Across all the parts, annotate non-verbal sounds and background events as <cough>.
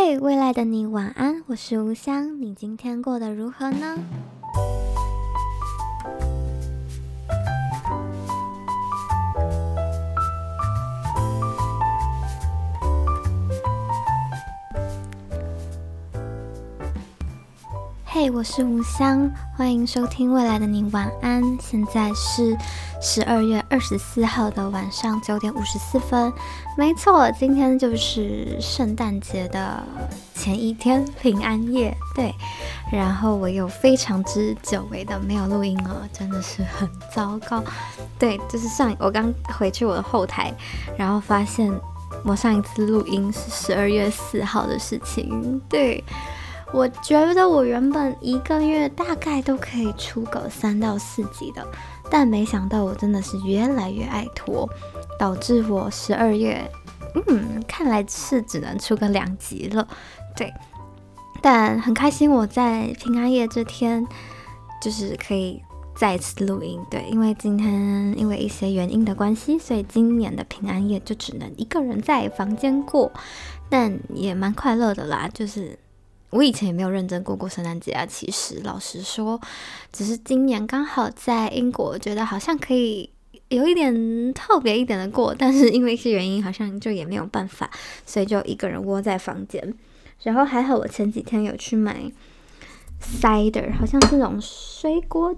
嘿，未來的你，晚安！我是無香，你今天過得如何呢？嘿、hey，我是無香，歡迎收聽未來的你晚安。現在是十二月二十四號的晚上九點五十四分，沒錯，今天就是聖誕節的前一天，平安夜。對，然後我又非常之久違的沒有錄音了，啊，真的是很糟糕。對，就是上我剛回去我的後台，然後發現我上一次錄音是十二月四號的事情。對。我覺得我原本一個月大概都可以出個三到四集的，但沒想到我真的是越來越愛拖，導致我十二月，嗯，看來是只能出個兩集了。對，但很開心我在平安夜這天就是可以再次錄音。對，因為今天因為一些原因的關係，所以今年的平安夜就只能一個人在房間過，但也蠻快樂的啦，就是。我以前也沒有認真過過聖誕節啊，其實老實說，只是今年剛好在英國，覺得好像可以有一點特別一點的過，但是因為一些原因，好像就也沒有辦法，所以就一個人窩在房間。然後還好我前幾天有去買。Cider 好像是那種水果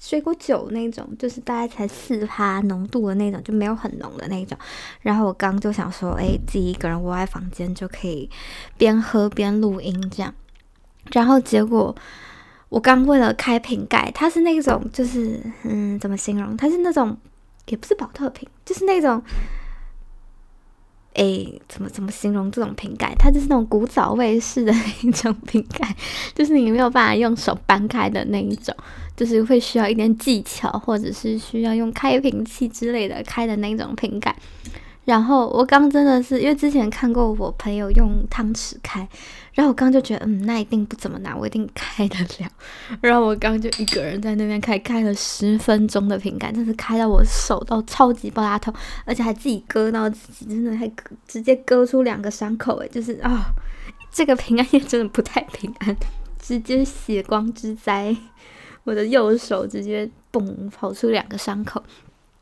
水果酒那種，就是大概才四趴濃度的那種，就沒有很濃的那種。然後我剛就想說，誒、哎，自己一個人窩在房間就可以邊喝邊錄音這樣。然後結果我剛為了開瓶蓋，它是那種就是嗯，怎麼形容？它是那種也不是寶特瓶，就是那種。誒，怎麼怎麼形容這種瓶蓋？它就是那種古早味式的那種瓶蓋，就是你沒有辦法用手掰開的那一種，就是會需要一點技巧，或者是需要用開瓶器之類的開的那種瓶蓋。然後我剛真的是因為之前看過我朋友用湯匙開。然後我剛就覺得，嗯，那一定不怎麼難，我一定開得了。然後我剛就一個人在那邊開，開了十分鐘的瓶蓋，真是開到我手都超級爆炸痛，而且還自己割到自己，真的還割，直接割出兩個傷口，哎，就是啊、哦，這個平安夜真的不太平安，直接血光之災，我的右手直接嘣跑出兩個傷口。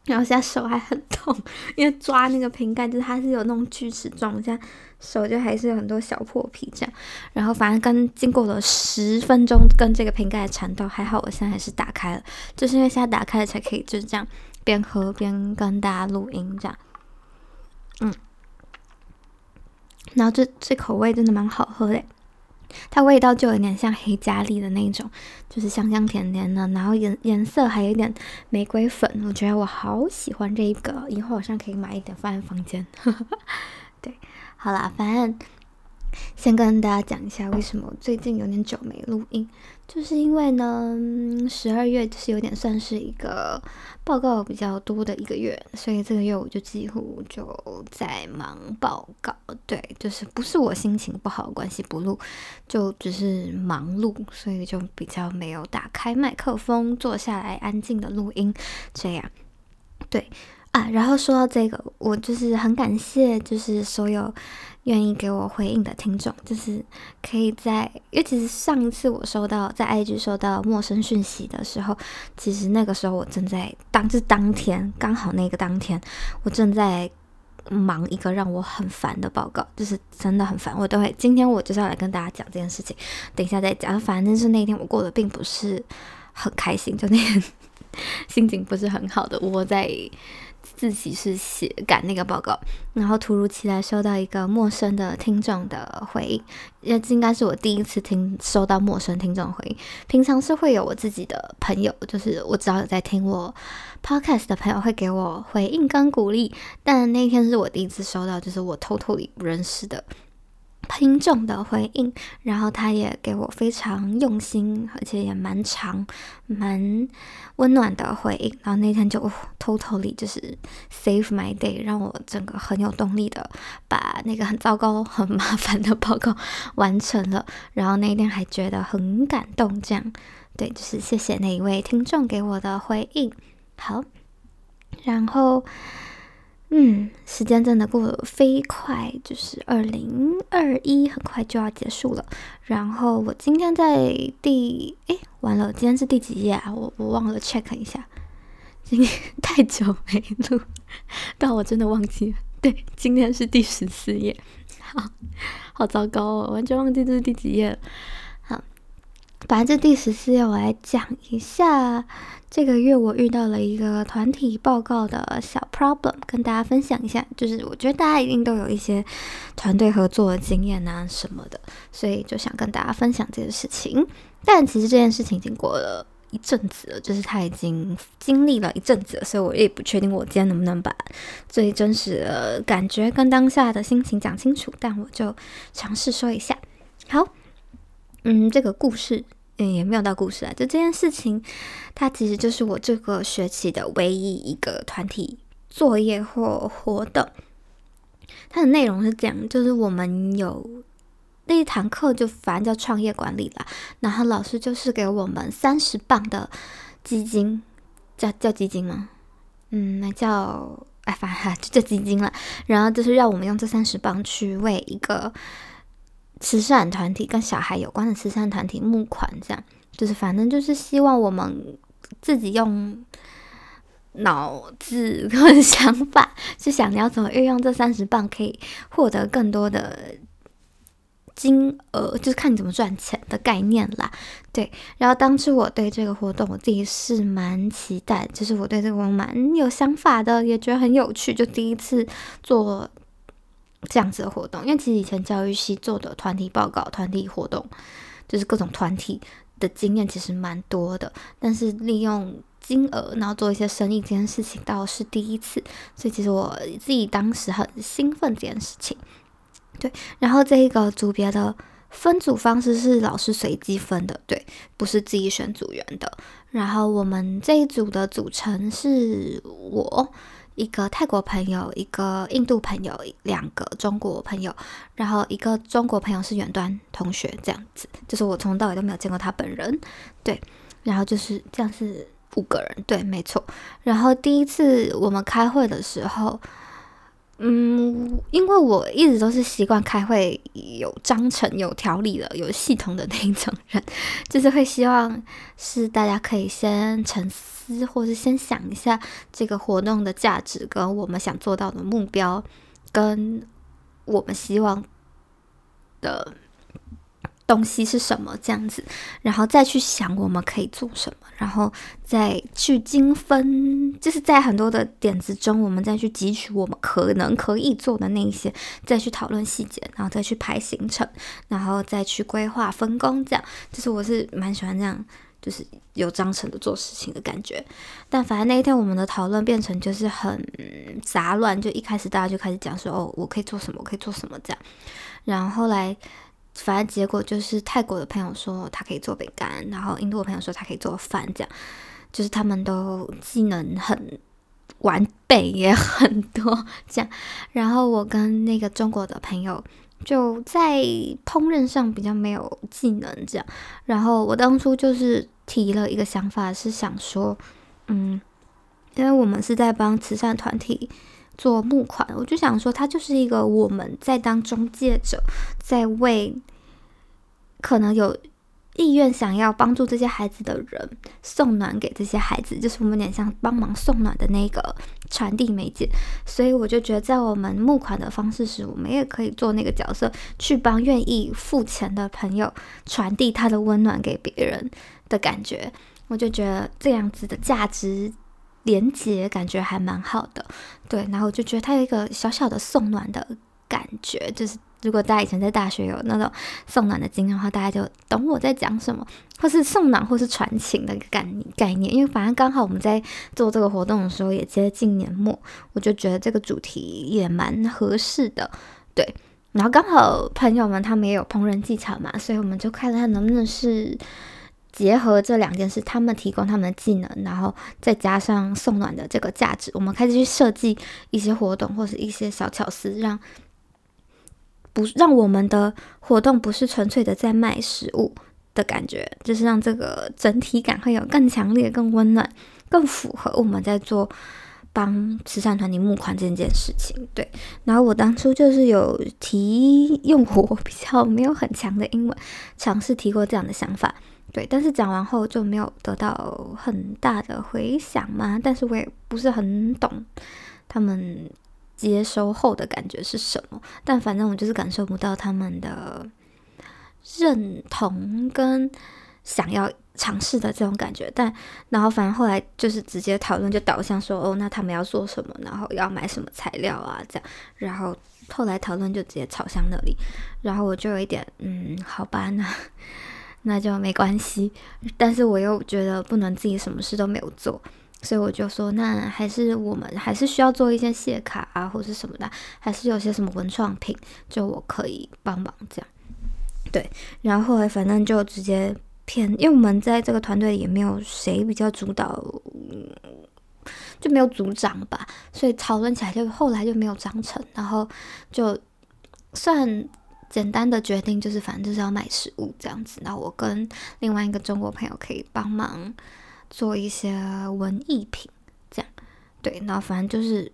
然後現在手還很痛，因為抓那個瓶蓋，就是它是有那種鋸齒狀，我現在手就還是有很多小破皮這樣。然後反正跟經過了十分鐘跟這個瓶蓋纏鬥，還好我現在還是打開了，就是因為現在打開了才可以，就是這樣邊喝邊跟大家錄音這樣。嗯，然後這這口味真的蠻好喝的。它味道就有點像黑加麗的那種，就是香香甜甜的，然後顏顏色還有點玫瑰粉，我覺得我好喜歡這個，以後好像可以買一點放在房間。 <laughs> 對，好啦，反正。先跟大家講一下，為什麼最近有點久沒錄音，就是因為呢，十二月就是有點算是一個報告比較多的一個月，所以這個月我就幾乎就在忙報告。對，就是不是我心情不好，關係不錄，就只是忙碌，所以就比較沒有打開麥克風，坐下來安靜的錄音。這樣，啊，對啊，然後說到這個，我就是很感謝，就是所有。願意給我回應的聽眾，就是可以在。尤其是上一次我收到在 IG 收到陌生訊息的時候，其實那個時候我正在當，就是當天剛好那個當天我正在忙一個讓我很煩的報告，就是真的很煩。我都會今天我就是要來跟大家講這件事情，等一下再講。反正是那一天我過得並不是很開心，就那天心情不是很好的我在。自己是寫趕那個報告，然後突如其來收到一個陌生的聽眾的回應，這應該是我第一次聽收到陌生聽眾的回應。平常是會有我自己的朋友，就是我只要有在聽我 podcast 的朋友會給我回應跟鼓勵，但那天是我第一次收到，就是我 totally 不認識的。聽眾的回應，然後他也給我非常用心，而且也蠻長、蠻溫暖的回應。然後那天就 totally 就是 save my day，讓我整個很有動力的把那個很糟糕、很麻煩的報告完成了。然後那天還覺得很感動，這樣對，就是謝謝那一位聽眾給我的回應。好，然後。嗯，時間真的過得飛快，就是二零二一很快就要結束了。然後我今天在第，哎，完了，今天是第幾夜啊？我我忘了 check 一下，今天太久沒錄，但我真的忘記了。對，今天是第十四夜，好，哦，好糟糕哦，完全忘記這是第幾夜了。好，反正這第十四夜我來講一下。這個月我遇到了一個團體報告的小 problem，跟大家分享一下。就是我覺得大家一定都有一些團隊合作的經驗啊什麼的，所以就想跟大家分享這件事情。但其實這件事情已經過了一陣子了，就是他已經經歷了一陣子了，所以我也不確定我今天能不能把最真實的感覺跟當下的心情講清楚。但我就嘗試說一下。好，嗯，這個故事。嗯，也沒有到故事啊，就這件事情，它其實就是我這個學期的唯一一個團體作業或活動。它的內容是這樣，就是我們有那一堂課，就反正叫創業管理吧，然後老師就是給我們三十磅的基金，叫叫基金嗎？嗯，那叫哎，反正就叫基金了。然後就是讓我們用這三十磅去為一個。慈善團體跟小孩有關的慈善團體募款，這樣就是反正就是希望我們自己用腦子跟想法，去想你要怎麼運用這三十磅，可以獲得更多的金額，就是看你怎麼賺錢的概念啦。對，然後當初我對這個活動，我自己是蠻期待，就是我對這個我蠻有想法的，也覺得很有趣，就第一次做。這樣子的活動，因為其實以前教育系做的團體報告、團體活動，就是各種團體的經驗其實蠻多的，但是利用金額，然後做一些生意這件事情倒是第一次，所以其實我自己當時很興奮這件事情。對，然後這一個組別的分組方式是老師隨機分的，對，不是自己選組員的。然後我們這一組的組成是我。一個泰國朋友，一個印度朋友，兩個中國朋友，然後一個中國朋友是遠端同學，這樣子，就是我從頭到尾都沒有見過他本人，對，然後就是這樣是五個人，對，沒錯，然後第一次我們開會的時候。嗯，因為我一直都是習慣開會有章程、有條理的、有系統的那一種人，就是會希望是大家可以先沉思，或是先想一下這個活動的價值跟我們想做到的目標，跟我們希望的東西是什麼這樣子，然後再去想我們可以做什麼。然後再去精分，就是在很多的點子中，我們再去汲取我們可能可以做的那一些，再去討論細節，然後再去排行程，然後再去規劃分工，這樣，就是我是蠻喜歡這樣，就是有章程的做事情的感覺。但反正那一天我們的討論變成就是很雜亂，就一開始大家就開始講說，哦，我可以做什麼，我可以做什麼這樣，然後後來。反正結果就是，泰國的朋友說他可以做餅乾，然後印度的朋友說他可以做飯，這樣，就是他們都技能很完備也很多這樣。然後我跟那個中國的朋友就在烹飪上比較沒有技能這樣。然後我當初就是提了一個想法，是想說，嗯，因為我們是在幫慈善團體。做募款，我就想說，他就是一個我們在當中介者，在為可能有意願想要幫助這些孩子的人送暖給這些孩子，就是我們有點像幫忙送暖的那個傳遞媒介。所以我就覺得，在我們募款的方式時，我們也可以做那個角色，去幫願意付錢的朋友傳遞他的溫暖給別人的感覺。我就覺得這樣子的價值。連接感覺還蠻好的，對，然後我就覺得它有一個小小的送暖的感覺，就是如果大家以前在大學有那種送暖的經驗的話，大家就懂我在講什麼，或是送暖或是傳情的一個概念，因為反正剛好我們在做這個活動的時候也接近年末，我就覺得這個主題也蠻合適的，對，然後剛好朋友們他們也有烹飪技巧嘛，所以我們就看看他能不能是。結合這兩件事，他們提供他們的技能，然後再加上送暖的這個價值，我們開始去設計一些活動或是一些小巧思，讓不讓我們的活動不是純粹的在賣食物的感覺，就是讓這個整體感會有更強烈，更溫暖、更符合我們在做幫慈善團體募款這件事情。對，然後我當初就是有提用我比較沒有很強的英文，嘗試提過這樣的想法。對，但是講完後就沒有得到很大的回響嘛，但是我也不是很懂他們接收後的感覺是什麼。但反正我就是感受不到他們的認同跟想要嘗試的這種感覺。但然後反正後來就是直接討論就導向說哦，那他們要做什麼？然後要買什麼材料啊？這樣。然後後來討論就直接朝向那裡。然後我就有一點嗯，好吧呢。那那就沒關係，但是我又覺得不能自己什麼事都沒有做，所以我就說，那還是我們還是需要做一些謝卡啊，或者是什麼的，還是有些什麼文創品，就我可以幫忙這樣。對，然後來反正就直接偏，因為我們在這個團隊也沒有誰比較主導，就沒有組長吧，所以討論起來就後來就沒有章程，然後就算。簡單的決定就是，反正就是要買食物這樣子。那我跟另外一個中國朋友可以幫忙做一些文藝品，這樣。對，那反正就是，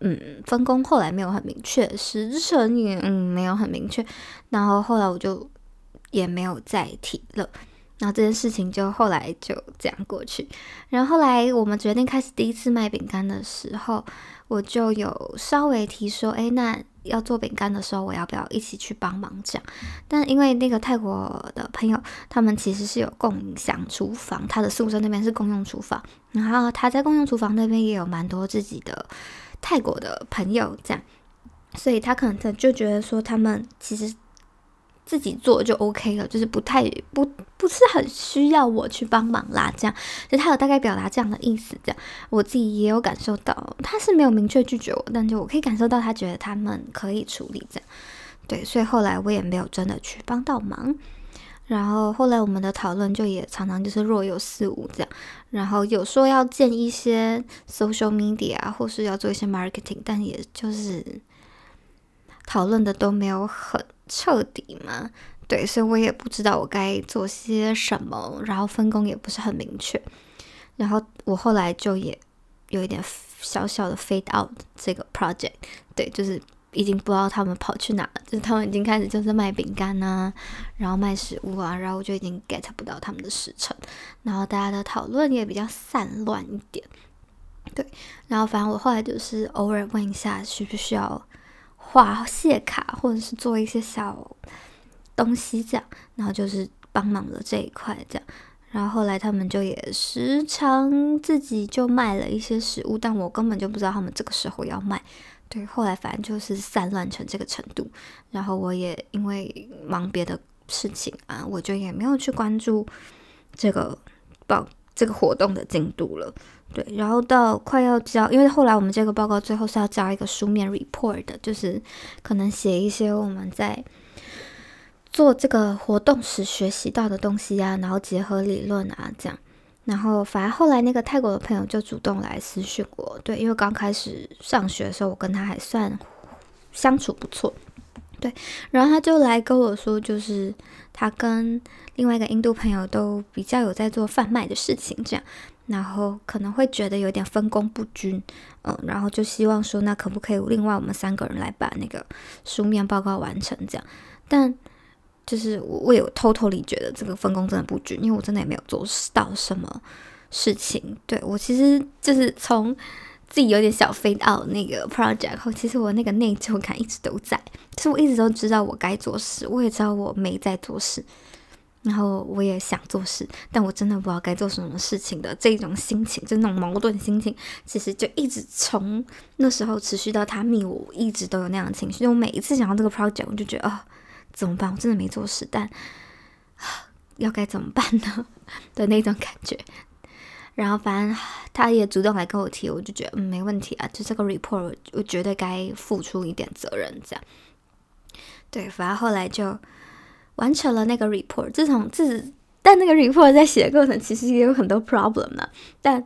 嗯，分工後來沒有很明確，時程也嗯，沒有很明確。然後後來我就也沒有再提了。那這件事情就後來就這樣過去。然後後來我們決定開始第一次賣餅乾的時候，我就有稍微提說，哎，那要做餅乾的時候，我要不要一起去幫忙這樣？但因為那個泰國的朋友，他們其實是有共享廚房，他的宿舍那邊是公用廚房，然後他在公用廚房那邊也有蠻多自己的泰國的朋友這樣，所以他可能他就覺得說，他們其實。自己做就 OK 了，就是不太不不是很需要我去幫忙啦。這樣，就他有大概表達這樣的意思，這樣我自己也有感受到，他是沒有明確拒絕我，但就我可以感受到他覺得他們可以處理這樣。對，所以後來我也沒有真的去幫到忙。然後後來我們的討論就也常常就是若有似無這樣。然後有說要建一些 social media 啊，或是要做一些 marketing，但也就是。討論的都沒有很徹底嘛，對，所以我也不知道我該做些什麼，然後分工也不是很明確。然後我後來就也有一點小小的 fade out 這個 project。對，就是已經不知道他們跑去哪了，就是他們已經開始就是賣餅乾吶、啊，然後賣食物啊，然後我就已經 get 不到他們的時程，然後大家的討論也比較散亂一點。對，然後反正我後來就是偶爾問一下需不需要。畫謝卡，或者是做一些小東西，這樣，然後就是幫忙的這一塊，這樣，然後後來他們就也時常自己就賣了一些食物，但我根本就不知道他們這個時候要賣。對，後來反正就是散亂成這個程度，然後我也因為忙別的事情啊，我就也沒有去關注這個報這個活動的進度了，對，然後到快要交，因為後來我們這個報告最後是要交一個書面 report 的，就是可能寫一些我們在做這個活動時學習到的東西啊，然後結合理論啊這樣，然後反而後來那個泰國的朋友就主動來私訊我，對，因為剛開始上學的時候我跟他還算相處不錯。對，然後他就來跟我說，就是他跟另外一個印度朋友都比較有在做販賣的事情，這樣，然後可能會覺得有點分工不均，嗯，然後就希望說，那可不可以另外我們三個人來把那個書面報告完成，這樣，但就是我，我也有偷偷的覺得這個分工真的不均，因為我真的也沒有做到什麼事情，對，我其實就是從。自己有點小 fade out 那個 project 後，其實我那個內疚感一直都在。其實我一直都知道我該做事，我也知道我沒在做事，然後我也想做事，但我真的不知道該做什麼事情的這種心情，就那種矛盾心情，其實就一直從那時候持續到他滅我，一直都有那樣的情緒。我每一次想到這個 project，我就覺得啊、哦，怎麼辦？我真的沒做事，但啊，要該怎麼辦呢？的那種感覺。然後反正他也主動來跟我提，我就覺得嗯，沒問題啊，就這個 report 我絕對該付出一點責任這樣。對，反正後來就完成了那個 report。自從自但那個 report 在寫的過程，其實也有很多 problem 的、啊，但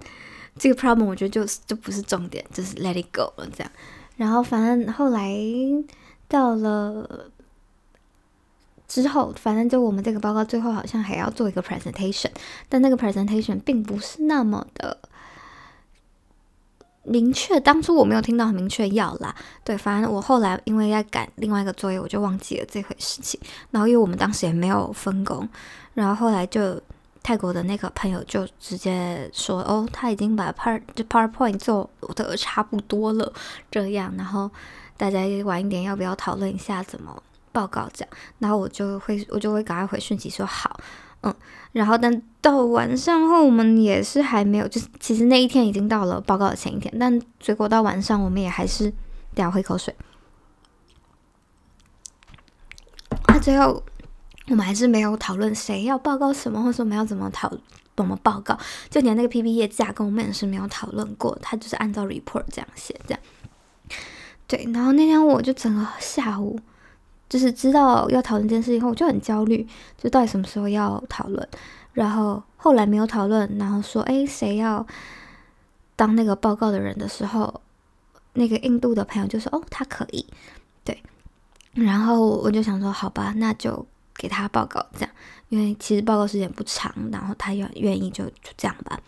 這個 problem 我覺得就是就不是重點，就是 let it go 了這樣。然後反正後來到了。之後，反正就我們這個報告最後好像還要做一個 presentation，但那個 presentation 並不是那麼的明確。當初我沒有聽到很明確要啦，對，反正我後來因為要趕另外一個作業，我就忘記了這回事情。然後因為我們當時也沒有分工，然後後來就泰國的那個朋友就直接說：“哦，他已經把 part 就 PowerPoint 做得差不多了，這樣，然後大家晚一點要不要討論一下怎麼？”報告這樣，然後我就會我就會趕快回訊息說好，嗯，然後但到晚上後，我們也是還沒有，就是其實那一天已經到了報告的前一天，但結果到晚上我們也還是得要喝口水。那、啊、最後我們還是沒有討論誰要報告什麼，或者說沒有怎麼討怎麼報告，就連那個 PPT 架構，我們也是沒有討論過，他就是按照 report 這樣寫，這樣。對，然後那天我就整個下午。就是知道要討論這件事以後，我就很焦慮，就到底什麼時候要討論。然後後來沒有討論，然後說，哎，誰要當那個報告的人的時候，那個印度的朋友就說，哦，他可以，對。然後我就想說，好吧，那就給他報告這樣，因為其實報告時間不長，然後他願願意就，就就這樣吧。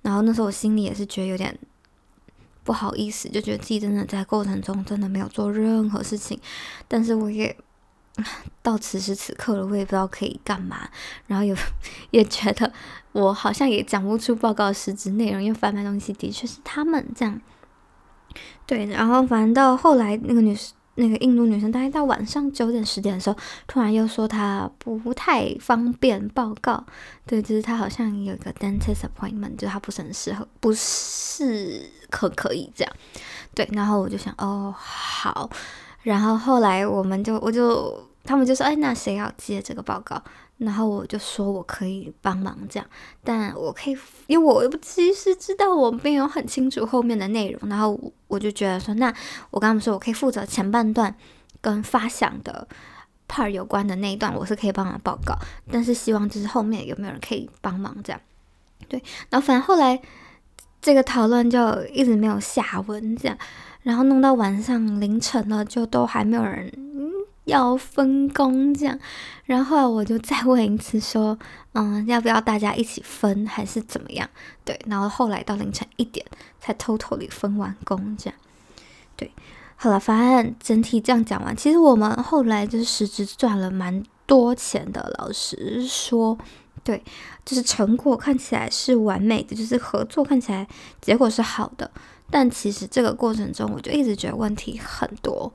然後那時候我心裡也是覺得有點。不好意思，就覺得自己真的在過程中真的沒有做任何事情，但是我也到此時此刻了，我也不知道可以幹嘛。然後也也覺得我好像也講不出報告實質內容，因為販賣東西的確是他們這樣。對，然後反正到後來那個女，那個印度女生，大概到晚上九點十點的時候，突然又說她不太方便報告。對，就是她好像有一個 dentist appointment，就她不是很適合，不是。可可以這樣，對，然後我就想，哦，好，然後後來我們就，我就他們就說，哎，那誰要接這個報告？然後我就說我可以幫忙這樣，但我可以，因為我又不其實知道，我沒有很清楚後面的內容。然後我就覺得說，那我跟他們說我可以負責前半段跟發想的 part 有關的那一段，我是可以幫忙報告，但是希望就是後面有沒有人可以幫忙這樣，對，然後反正後來。這個討論就一直沒有下文，這樣，然後弄到晚上凌晨了，就都還沒有人要分工，這樣。然後我就再問一次，說，嗯，要不要大家一起分，還是怎麼樣？對，然後後來到凌晨一點才偷偷地分完工，這樣。對，好了，反正整體這樣講完。其實我們後來就是實質賺了蠻多錢的，老實說。對，就是成果看起來是完美的，就是合作看起來結果是好的，但其實這個過程中，我就一直覺得問題很多。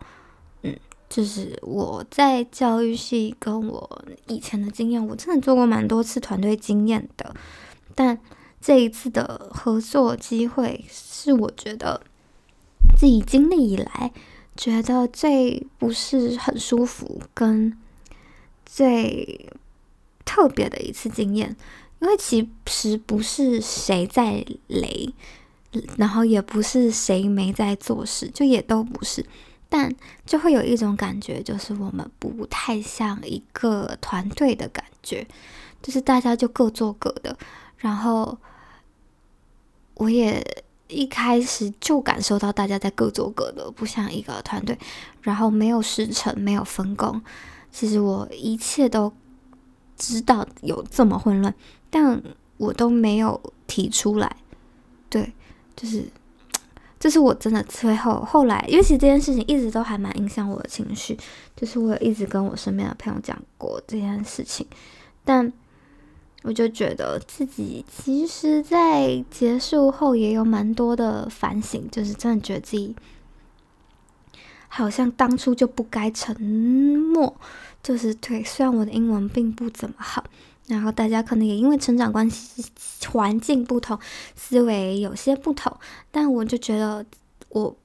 嗯，就是我在教育系跟我以前的經驗，我真的做過蠻多次團隊經驗的，但這一次的合作機會是我覺得自己經歷以來覺得最不是很舒服，跟最。特別的一次經驗，因為其實不是誰在雷，然後也不是誰沒在做事，就也都不是，但就會有一種感覺，就是我們不太像一個團隊的感覺，就是大家就各做各的，然後我也一開始就感受到大家在各做各的，不像一個團隊，然後沒有時程，沒有分工，其實我一切都。知道有這麼混亂，但我都沒有提出來。對，就是這是我真的最後後來，尤其這件事情一直都還蠻影響我的情緒，就是我有一直跟我身邊的朋友講過這件事情，但我就覺得自己其實，在結束後也有蠻多的反省，就是真的覺得自己好像當初就不該沉默。就是對，雖然我的英文並不怎麼好，然後大家可能也因為成長關係、環境不同，思維有些不同，但我就覺得我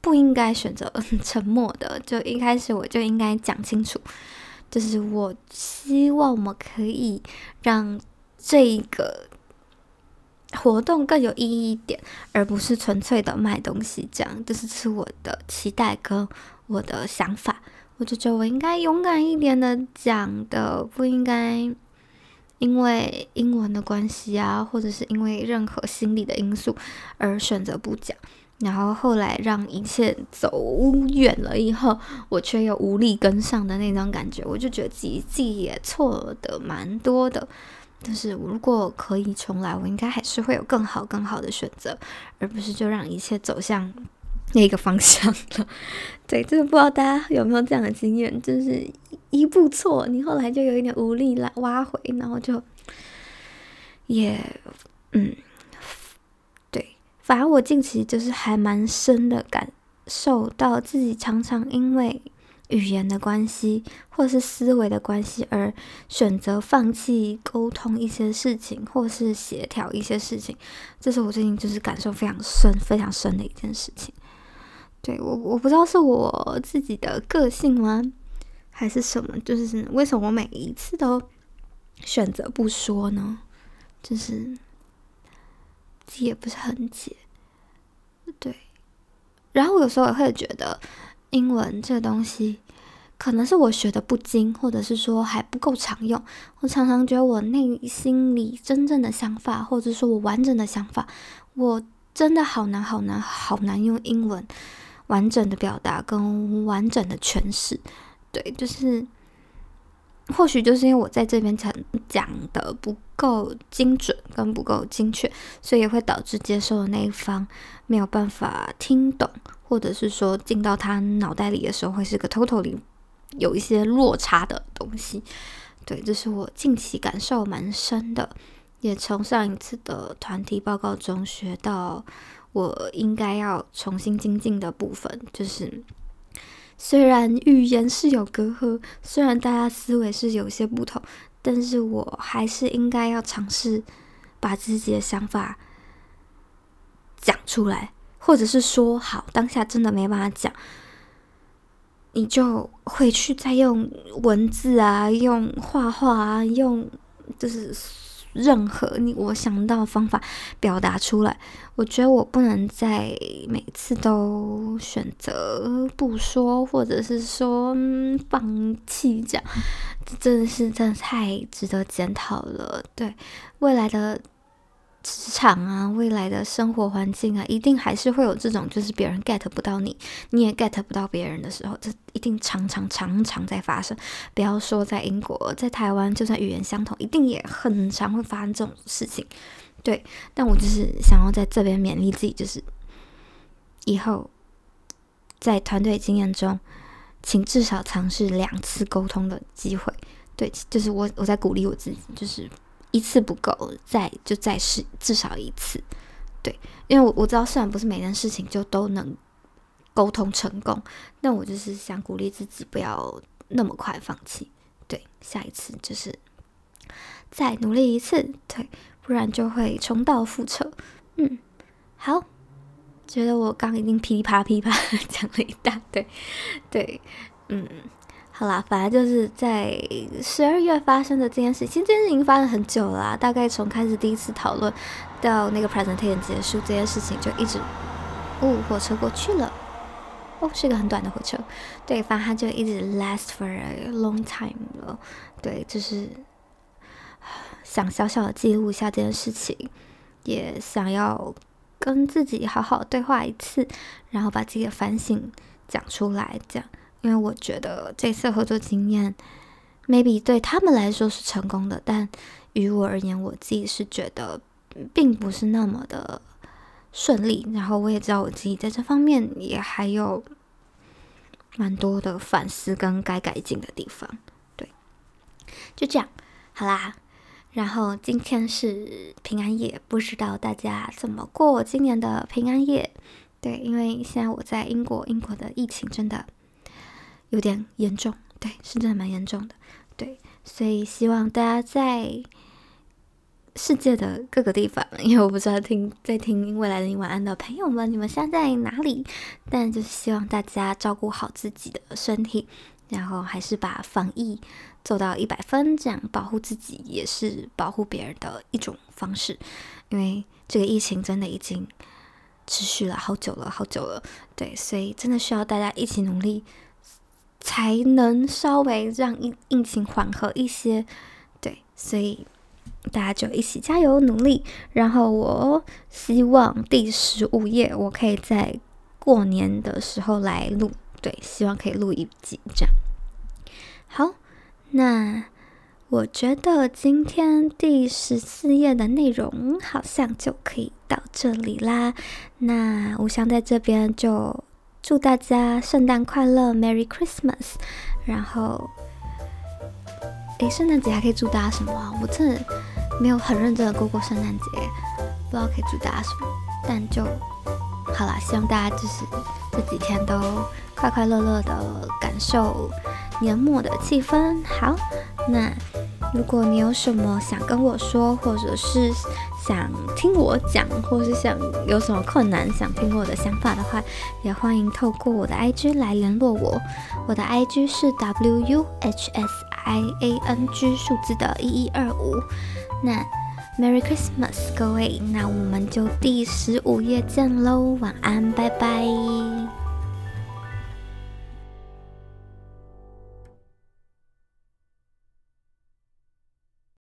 不應該選擇沉默的，就一開始我就應該講清楚，就是我希望我們可以讓這個活動更有意義一點，而不是純粹的賣東西這樣，就是是我的期待跟我的想法。我就覺得我應該勇敢一點的講的，不應該因為英文的關係啊，或者是因為任何心理的因素而選擇不講。然後後來讓一切走遠了以後，我卻又無力跟上的那種感覺，我就覺得自己也錯的蠻多的。但是如果可以重來，我應該還是會有更好更好的選擇，而不是就讓一切走向。那個方向了，對，就是不知道大家有沒有這樣的經驗，就是一步錯，你後來就有一點無力來挖回，然後就也、yeah, 嗯，對，反而我近期就是還蠻深的感受到自己常常因為語言的關係或是思維的關係而選擇放棄溝通一些事情或是協調一些事情，這是我最近就是感受非常深非常深的一件事情。對，我，我不知道是我自己的個性嗎，還是什麼？就是為什麼我每一次都選擇不說呢？就是也不是很解，對。然後有時候也會覺得，英文這個東西可能是我學的不精，或者是說還不夠常用。我常常覺得我內心裡真正的想法，或者說我完整的想法，我真的好難好難好難用英文完整的表達跟完整的詮釋，對，就是或許就是因為我在這邊講講的不夠精準跟不夠精確，所以也會導致接受的那一方沒有辦法聽懂，或者是說進到他腦袋裡的時候會是個 totally 有一些落差的東西。對，這，就是我近期感受蠻深的，也從上一次的團體報告中學到，我應該要重新精進的部分，就是雖然語言是有隔閡，雖然大家思維是有些不同，但是我還是應該要嘗試把自己的想法講出來，或者是說，好，當下真的沒辦法講，你就回去再用文字啊，用畫畫啊，用就是。任何你我想到的方法表達出來，我覺得我不能再每次都選擇不說，或者是說、嗯、放棄這樣，這真的是真的太值得檢討了。對未來的。職場啊，未來的生活環境啊，一定還是會有這種，就是別人 get 不到你，你也 get 不到別人的時候，這一定常常常常，常在發生。不要說在英國，在台灣，就算語言相同，一定也很常會發生這種事情。對，但我就是想要在這邊勉勵自己，就是以後在團隊經驗中，請至少嘗試兩次溝通的機會。對，就是我我在鼓勵我自己，就是。一次不夠，再就再試至少一次，對，因為我我知道，雖然不是每件事情就都能溝通成功，那我就是想鼓勵自己不要那麼快放棄，對，下一次就是再努力一次，對，不然就會重蹈覆轍。嗯，好，覺得我剛已經噼里啪噼啪了講了一大堆，對，對嗯。好啦，反正就是在十二月發生的這件事情，其實這件事情已經發生很久了啦，大概從開始第一次討論到那個 presentation 結束這件事情，就一直，嗚、哦，火車過去了，哦，是一個很短的火車，對，反正它就一直 last for a long time 了，對，就是想小小的記錄一下這件事情，也想要跟自己好好對話一次，然後把自己的反省講出來，這樣。因為我覺得這次合作經驗，maybe 對他們來說是成功的，但於我而言，我自己是覺得並不是那麼的順利。然後我也知道我自己在這方面也還有蠻多的反思跟該改,改進的地方。對，就這樣，好啦。然後今天是平安夜，不知道大家怎麼過今年的平安夜？對，因為現在我在英國，英國的疫情真的。有點嚴重，對，真的蠻嚴重的，對，所以希望大家在世界的各個地方，因為我不知道聽在聽未來的你晚安的朋友們，你們現在在哪裡？但就是希望大家照顧好自己的身體，然後還是把防疫做到一百分，這樣保護自己也是保護別人的一種方式。因為這個疫情真的已經持續了好久了，好久了，對，所以真的需要大家一起努力。才能稍微讓疫疫情緩和一些，對，所以大家就一起加油努力。然後我希望第十五夜我可以在過年的時候來錄，對，希望可以錄一集這樣。好，那我覺得今天第十四夜的內容好像就可以到這裡啦。那吳香在這邊就。祝大家聖誕快樂，Merry Christmas！然後，誒，聖誕節還可以祝大家什麼？我真的沒有很認真的過過聖誕節，不知道可以祝大家什麼，但就好啦。希望大家就是這幾天都快快樂樂的感受年末的氣氛。好，那如果你有什麼想跟我說，或者是……想聽我講，或是想有什麼困難，想聽我的想法的話，也歡迎透過我的 IG 來聯絡我。我的 IG 是 WUHSIANG，數字的一一二五。那 Merry Christmas 各位，那我們就第十五夜見嘍。晚安，拜拜。